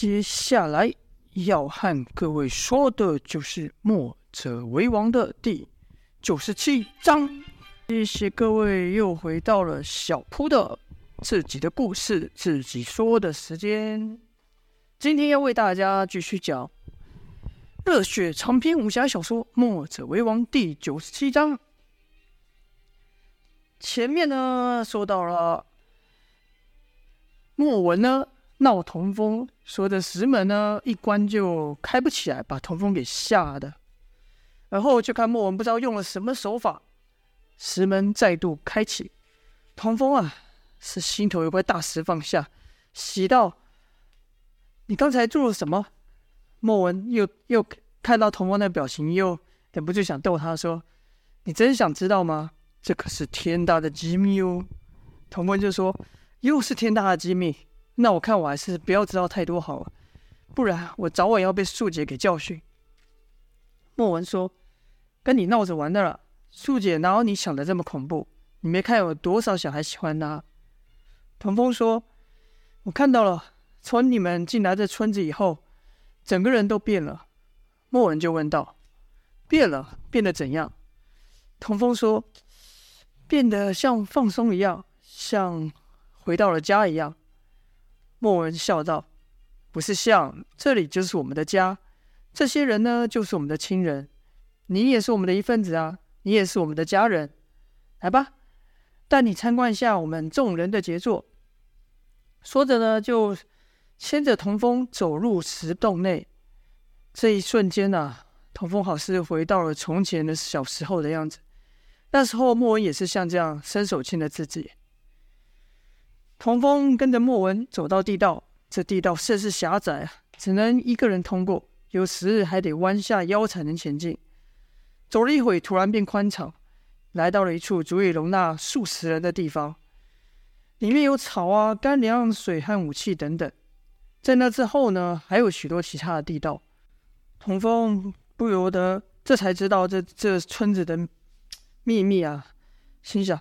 接下來要和各位說的就是《墨者為王》的第九十七章。謝謝各位又回到了小鋪的自己的故事自己說的時間。今天要為大家繼續講熱血長篇武俠小說《墨者為王》第九十七章。前面呢說到了莫文呢。鬧童風說的石門呢，一關就開不起來，把童風給嚇的。然後就看莫文不知道用了什麼手法，石門再度開啟。童風啊，是心頭有塊大石放下，喜道：“你剛才做了什麼？”莫文又又看到童風的表情，又忍不住想逗他說：“你真想知道嗎？這可是天大的機密哦。”童風就說：“又是天大的機密。”那我看我還是不要知道太多好了，不然我早晚要被素姐給教訓。莫文說：“跟你鬧着玩的了，素姐哪有你想的這麼恐怖？你沒看有多少小孩喜歡她？”童風說：“我看到了，從你們進來這村子以後，整個人都變了。”莫文就問道：“變了，變得怎樣？”童風說：“變得像放鬆一樣，像回到了家一樣。”莫文笑道：“不是像，這裡就是我們的家。這些人呢，就是我們的親人。你也是我們的一份子啊，你也是我們的家人。來吧，帶你參觀一下我們眾人的傑作。”說着呢，就牽着童風走入石洞內。這一瞬間呢、啊，童風好似回到了從前的小時候的樣子。那時候，莫文也是像這樣伸手牽着自己。童風跟着莫文走到地道，這地道甚是狹窄啊，只能一個人通過，有時還得彎下腰才能前進。走了一會突然變寬敞，來到了一處足以容納數十人的地方，裡面有草啊、乾糧、水和武器等等。在那之後呢，還有許多其他的地道。童風不由得這才知道這這村子的秘密啊，心想：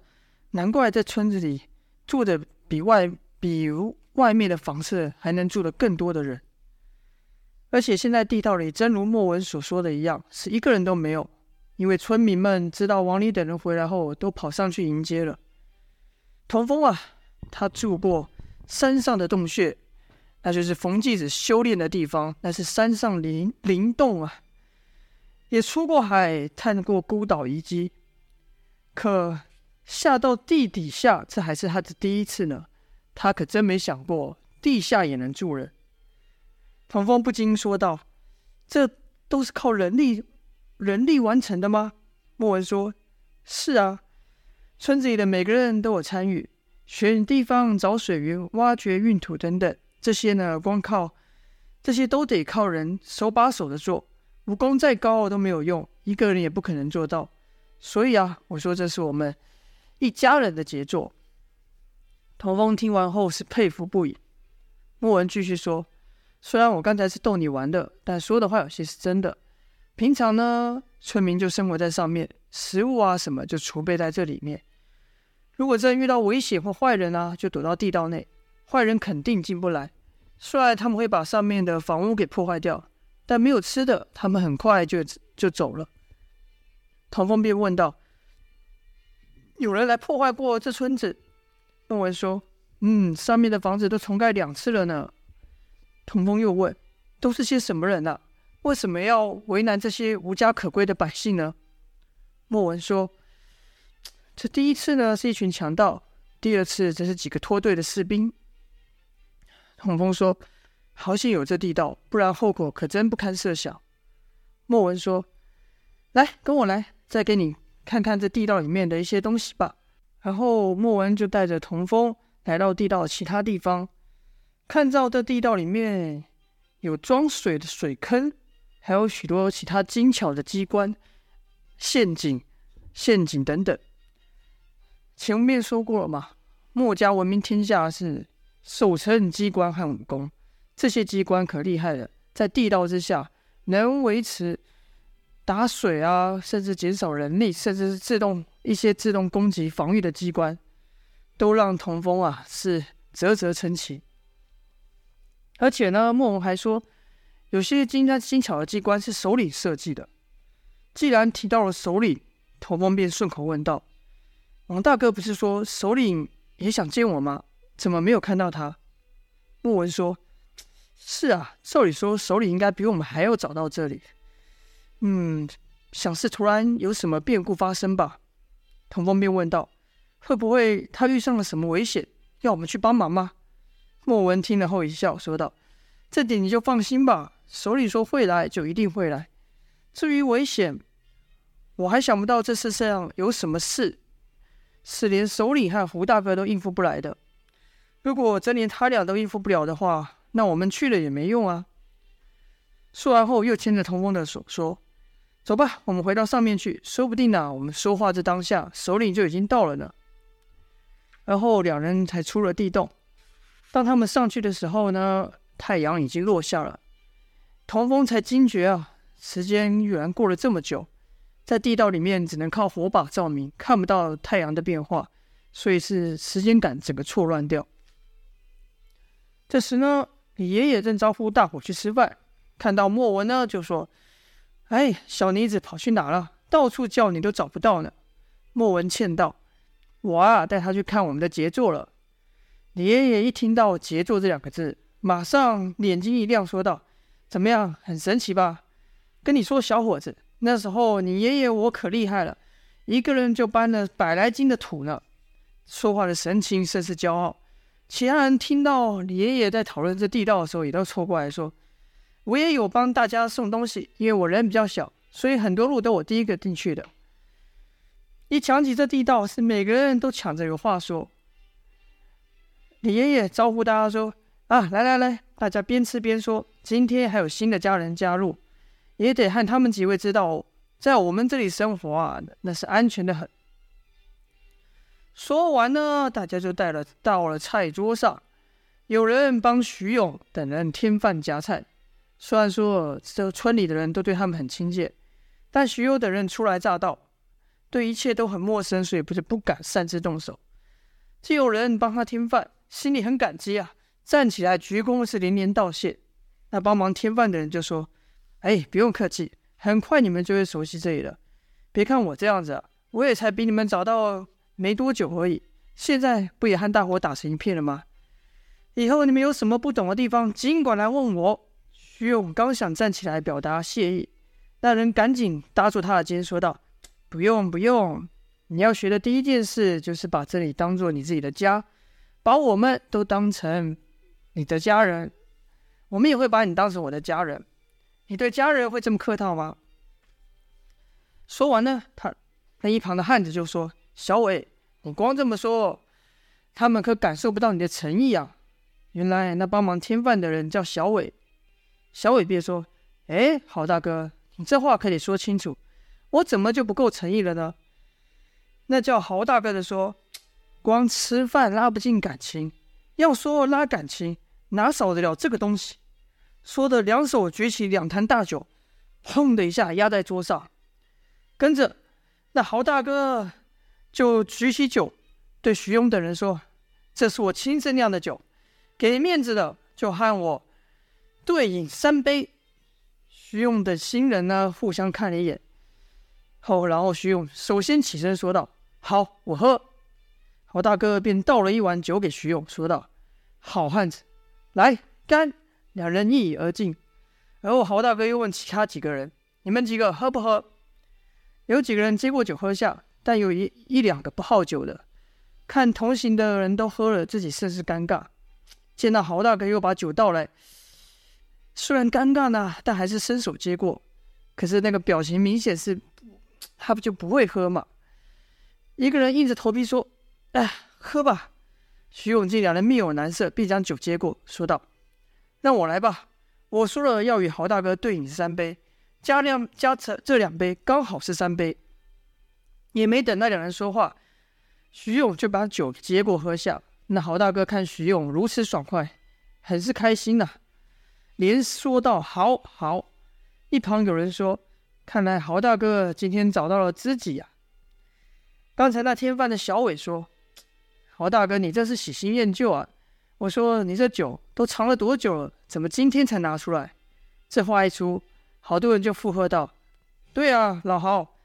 難怪在村子裡住的。比外比如外面的房子還能住的更多的人，而且現在地道裡真如莫文所說的一樣，是一個人都沒有，因為村民們知道王離等人回來後，都跑上去迎接了。童風啊，他住過山上的洞穴，那就是馮繼子修煉的地方，那是山上靈靈洞啊，也出過海，探過孤島遺跡，可。下到地底下，這還是他的第一次呢。他可真沒想過地下也能住人。彭峰不禁說道：“這都是靠人力，人力完成的嗎？”莫文說：“是啊，村子裡的每個人都有參與，選地方、找水源、挖掘、運土等等，這些呢，光靠這些都得靠人手把手的做。武功再高都沒有用，一個人也不可能做到。所以啊，我說這是我們。”一家人的傑作。童風聽完後是佩服不已。莫文繼續說：“雖然我剛才是逗你玩的，但說的話有些是真的。平常呢，村民就生活在上面，食物啊什麼就儲備在這裡面。如果真遇到危險或壞人呢、啊，就躲到地道內，壞人肯定進不來。雖然他們會把上面的房屋給破壞掉，但沒有吃的，他們很快就就走了。”童風便問道。有人來破壞過這村子？莫文說：“嗯，上面的房子都重蓋兩次了呢。”童風又問：“都是些什麼人啊？為什麼要為難這些無家可歸的百姓呢？”莫文說：“這第一次呢，是一群強盜；第二次，則是幾個脫隊的士兵。”童風說：“好險有這地道，不然後果可真不堪設想。”莫文說：“來，跟我來，再給你。”看看這地道裡面的一些東西吧。然後莫文就帶着童風來到地道的其他地方，看到這地道裡面有裝水的水坑，還有許多有其他精巧的機關、陷阱、陷阱等等。前面說過了嘛，墨家聞名天下是守城機關和武功，這些機關可厲害了，在地道之下能維持打水啊，甚至減少人力，甚至是自動一些自動攻擊防禦的機關，都讓童風啊是嘖嘖稱奇。而且呢，莫文還說，有些精加精巧的機關是首領設計的。既然提到了首領，童風便順口問道：“王大哥不是說首領也想見我嗎？怎麼沒有看到他？”莫文說：“是啊，照理說首領應該比我們還要早到這裡。”嗯，想是突然有什麼變故發生吧？童風便問道：“會不會他遇上了什麼危險，要我們去幫忙嗎？”莫文聽了後一笑說道：“這點你就放心吧，首領說會來就一定會來。至於危險，我還想不到這世上有什麼事是連首領和胡大哥都應付不來的。如果真連他倆都應付不了的話，那我們去了也沒用啊。”說完後又牽着童風的手說。說走吧，我們回到上面去，說不定呢、啊，我們說話這當下，首領就已經到了呢。然後兩人才出了地洞。當他們上去的時候呢，太陽已經落下了。童風才驚覺啊，時間居然過了這麼久。在地道裡面只能靠火把照明，看不到太陽的變化，所以是時間感整個錯亂掉。這時呢，李爺爺正招呼大夥去吃飯，看到莫文呢，就說。哎，小妮子跑去哪了？到處叫你都找不到呢。莫文倩道：“我啊，帶她去看我們的傑作了。”李爺爺一聽到“傑作”這兩個字，馬上眼睛一亮，說道：“怎麼樣，很神奇吧？跟你說，小伙子，那時候你爺爺我可厲害了，一個人就搬了百來斤的土呢。”說話的神情甚是驕傲。其他人聽到李爺爺在討論這地道的時候，也都湊過來說。我也有幫大家送東西，因為我人比較小，所以很多路都我第一個進去的。一講起這地道，是每個人都搶着有話說。李爺爺招呼大家說：“啊，來來來，大家邊吃邊說。今天還有新的家人加入，也得和他們幾位知道哦，在我們這裡生活啊，那是安全的很。”說完呢，大家就帶了到了菜桌上，有人幫徐勇等人添飯夾菜。雖然說這村裡的人都對他們很親切，但許攸等人初來乍到，對一切都很陌生，所以不是不敢擅自動手。見有人幫他添飯，心裡很感激啊，站起來鞠躬是連連道謝。那幫忙添飯的人就說：“哎，不用客氣，很快你們就會熟悉這裡了。別看我這樣子，啊，我也才比你們早到沒多久而已，現在不也和大夥打成一片了嗎？以後你們有什麼不懂的地方，儘管來問我。”徐勇剛想站起來表達謝意，那人趕緊搭住他的肩，說道：“不用不用，你要學的第一件事就是把這裡當做你自己的家，把我們都當成你的家人，我們也會把你當成我的家人。你對家人會這麼客套嗎？”說完呢，他那一旁的漢子就說：“小偉，你光這麼說，他們可感受不到你的誠意啊。”原來那幫忙添飯的人叫小偉。小偉便說：“哎，豪大哥，你這話可得說清楚，我怎麼就不夠誠意了呢？”那叫豪大哥的說：“光吃飯拉不進感情，要說拉感情，哪少得了這個東西？”說的兩手舉起兩罈大酒，砰的一下壓在桌上，跟着那豪大哥就舉起酒，對徐勇等人說：“這是我親自釀的酒，給面子的就喊我。”對飲三杯，徐用的新人呢，互相看了一眼，後然後徐用首先起身說道：“好，我喝。”豪大哥便倒了一碗酒給徐用，說道：“好漢子，來乾！”兩人一飲而盡。而後豪大哥又問其他幾個人：“你們幾個喝不喝？”有幾個人接過酒喝下，但有一一兩個不好酒的，看同行的人都喝了，自己甚是尷尬。見到豪大哥又把酒倒來。雖然尷尬呢、啊，但還是伸手接過。可是那個表情明顯是，他不就不會喝嘛。一個人硬着頭皮說：“哎，喝吧。”徐勇這兩人面有難色，必將酒接過，說道：“讓我來吧，我說了要與豪大哥對飲三杯，加量加成這兩杯，剛好是三杯。”也沒等那兩人說話，徐勇就把酒接過喝下。那豪大哥看徐勇如此爽快，很是開心吶、啊。連說道：“好，好。”一旁有人說：“看來豪大哥今天找到了知己呀、啊。”剛才那添飯的小偉說：“豪大哥，你這是喜新厭舊啊！”我說：“你這酒都藏了多久了？怎麼今天才拿出來？”這話一出，好多人就附和道：“對啊，老豪，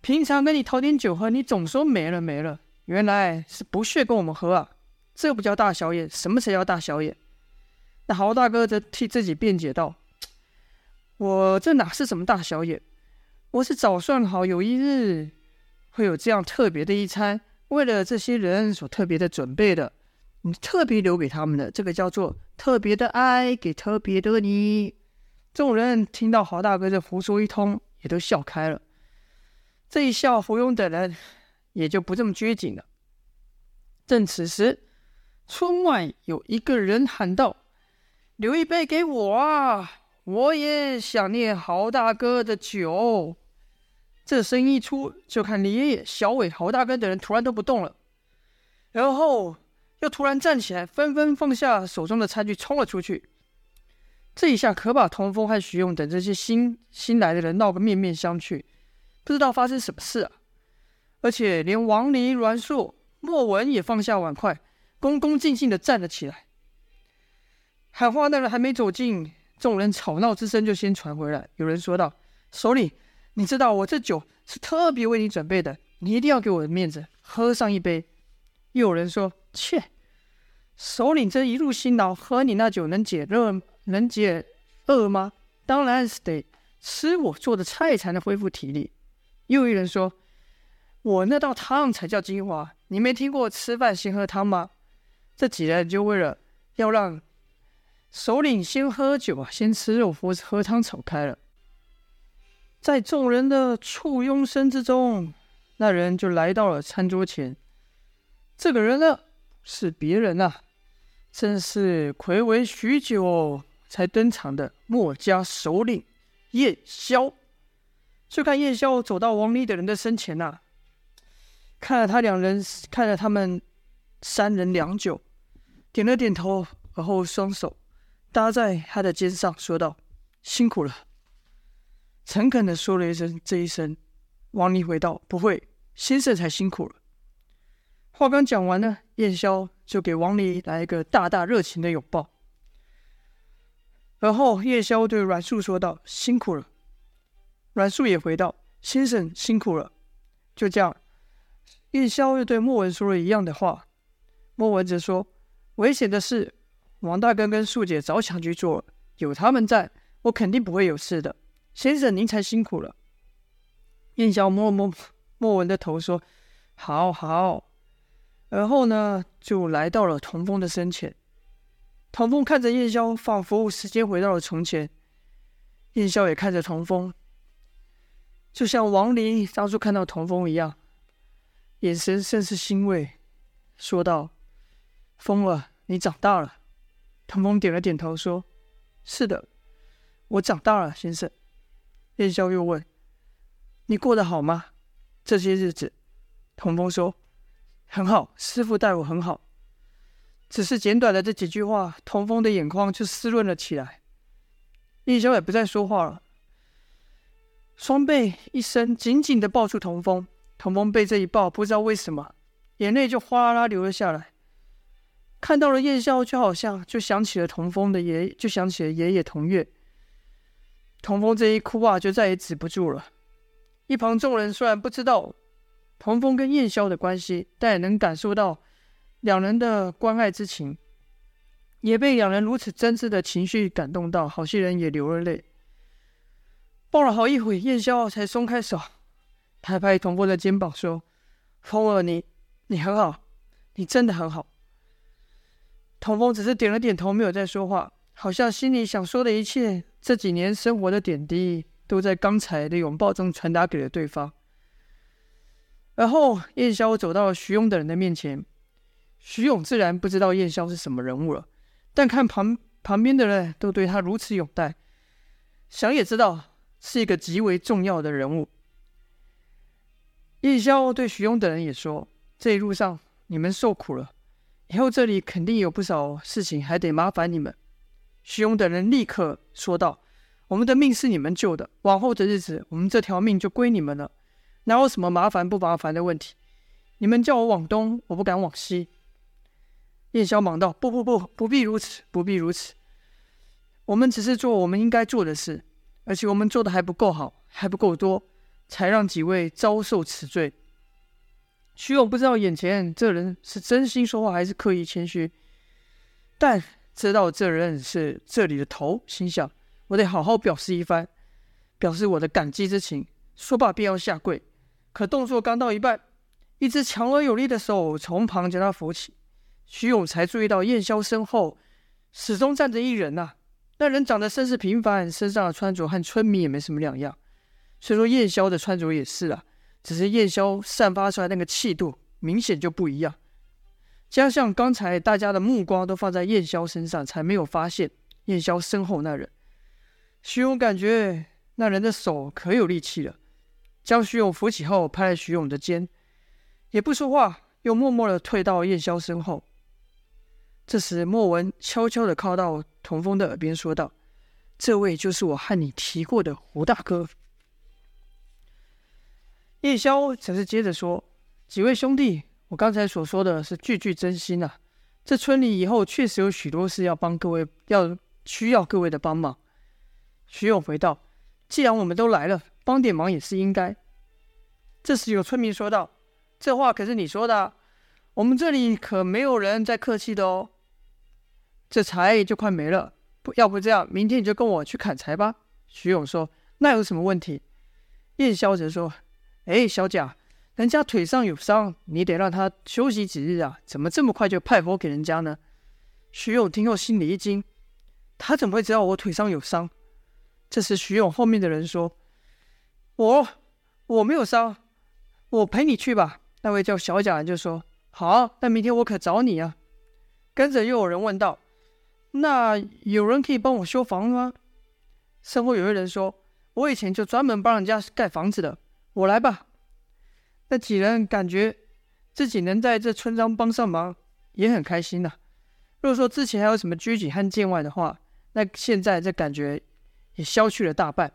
平常跟你討點酒喝，你總說沒了沒了，原來是不屑跟我們喝啊！這不叫大小眼，什麼才叫大小眼？”那豪大哥則替自己辯解道：“我這哪是什麼大小眼？我是早算好有一日會有這樣特別的一餐，為了這些人所特別的準備的，你特別留給他們的。這個叫做特別的愛給特別的你。”眾人聽到豪大哥這胡說一通，也都笑開了。這一笑，胡庸等人也就不這麼拘謹了。正此時，村外有一個人喊道。留一杯給我啊！我也想念豪大哥的酒。這聲音一出，就看李爺爺、小偉、豪大哥等人突然都不動了，然後又突然站起來，紛紛放下手中的餐具，衝了出去。這一下可把通風和許勇等這些新新來的人鬧個面面相覷，不知道發生什麼事啊！而且連王林、欒樹、莫文也放下碗筷，恭恭敬敬的站了起來。喊話的人還沒走近，眾人吵鬧之聲就先傳回來。有人說道：“首領，你知道我這酒是特別為你準備的，你一定要給我的面子，喝上一杯。”又有人說：“切去，首領這一路辛勞，喝你那酒能解熱能解餓嗎？當然是得吃我做的菜才能恢復體力。”又有人說：“我那道湯才叫精華，你沒聽過吃飯先喝湯嗎？”這幾人就為了要讓。首領先喝酒啊，先吃肉，或者喝湯炒開了。在眾人的簇擁聲之中，那人就來到了餐桌前。這個人呢，是別人吶、啊，正是睽違許久才登場的墨家首領雁霄。就看雁霄走到王離等人的身前吶、啊，看了他兩人，看了他們三人良久，點了點頭，然後雙手，搭在他的肩上，說道：“辛苦了。”誠懇地說了一聲“這一聲”，王離回道：“不會，先生才辛苦了。”話剛講完呢，雁霄就給王離來一個大大熱情的擁抱。而後，雁霄對阮樹說道：“辛苦了。”阮樹也回道：“先生辛苦了。”就這樣，雁霄又對莫文說了一樣的話，莫文則說：“危險的事。”王大哥跟素姐早想去做了，有他們在，我肯定不會有事的。先生，您才辛苦了。雁霄摸摸莫文的頭，說：“好好。”而後呢，就來到了童風的身前。童風看着雁霄，仿佛時間回到了從前。雁霄也看着童風，就像王林當初看到童風一樣，眼神甚是欣慰，說道：“風兒，你長大了。”童風點了點頭，說：“是的，我長大了，先生。”雁霄又問：“你過得好嗎？這些日子？”童風說：“很好，師傅待我很好。”只是簡短的這幾句話，童風的眼眶就濕潤了起來。雁霄也不再說話了，雙臂一伸，緊緊的抱住童風。童風被這一抱，不知道為什麼，眼淚就嘩啦啦流了下來。看到了雁霄，就好像就想起了童風的爺，就想起了爺爺童月。童風這一哭啊，就再也止不住了。一旁眾人雖然不知道童風跟雁霄的關係，但也能感受到兩人的關愛之情，也被兩人如此真摯的情緒感動到，好些人也流了淚。抱了好一會，雁霄才鬆開手，拍拍童風的肩膀說：“風兒你，你你很好，你真的很好。”童風只是點了點頭，沒有再說話，好像心裡想說的一切，這幾年生活的點滴，都在剛才的擁抱中傳達給了對方。而後，雁霄走到了徐勇等人的面前。徐勇自然不知道雁霄是什麼人物了，但看旁旁邊的人都對他如此擁戴，想也知道是一個極為重要的人物。雁霄對徐勇等人也說：“這一路上，你們受苦了。”以後這裡肯定有不少事情，還得麻煩你們。徐勇等人立刻說道：“我們的命是你們救的，往後的日子，我們這條命就歸你們了。哪有什麼麻煩不麻煩的問題？你們叫我往東，我不敢往西。”雁霄忙道：“不不不，不必如此，不必如此。我們只是做我們應該做的事，而且我們做的還不夠好，還不夠多，才讓幾位遭受此罪。”徐勇不知道眼前這人是真心說話還是刻意謙虛，但知道這人是這裡的頭，心想我得好好表示一番，表示我的感激之情。說罷便要下跪，可動作剛到一半，一隻強而有力的手從旁將他扶起。徐勇才注意到雁霄身後始終站着一人吶、啊。那人長得甚是平凡，身上的穿着和村民也沒什麼兩樣，雖說雁霄的穿着也是啊。只是雁霄散發出來那個氣度明顯就不一樣，加上剛才大家的目光都放在雁霄身上，才沒有發現雁霄身後那人。徐勇感覺那人的手可有力氣了，將徐勇扶起後拍了徐勇的肩，也不說話，又默默的退到雁霄身後。這時，莫文悄悄的靠到童峰的耳邊說道：“這位就是我和你提過的豪大哥。”雁霄則是接着說：“幾位兄弟，我剛才所說的是句句真心啊。這村裡以後確實有許多事要幫各位，要需要各位的幫忙。”徐勇回道：“既然我們都來了，幫點忙也是應該。”這時有村民說道：“這話可是你說的啊？我們這裡可沒有人在客氣的哦。這柴就快沒了。不，要不這樣，明天你就跟我去砍柴吧。”徐勇說：“那有什麼問題？”雁霄則說。哎，小賈，人家腿上有傷，你得讓他休息幾日啊！怎麼這麼快就派活給人家呢？徐勇聽後心裡一驚，他怎麼會知道我腿上有傷？這時，徐勇後面的人說：“我我沒有傷，我陪你去吧。”那位叫小賈就說：“好，那明天我可找你啊。”跟着又有人問道：“那有人可以幫我修房子嗎？”身後有個人說：“我以前就專門幫人家蓋房子的。”我來吧。那幾人感覺自己能在這村莊幫上忙，也很開心吶、啊。若說自己還有什麼拘謹和見外的話，那現在這感覺也消去了大半。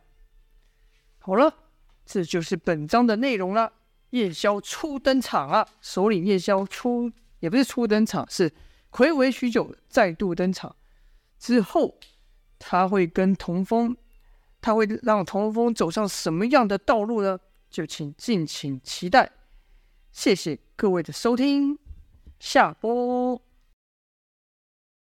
好了，這就是本章的內容了。雁霄初登場了、啊，首領雁霄初，也不是初登場，是睽違許久再度登場。之後，他會跟童風，他會讓童風走上什麼樣的道路呢？就請敬請期待，謝謝各位的收聽，下播。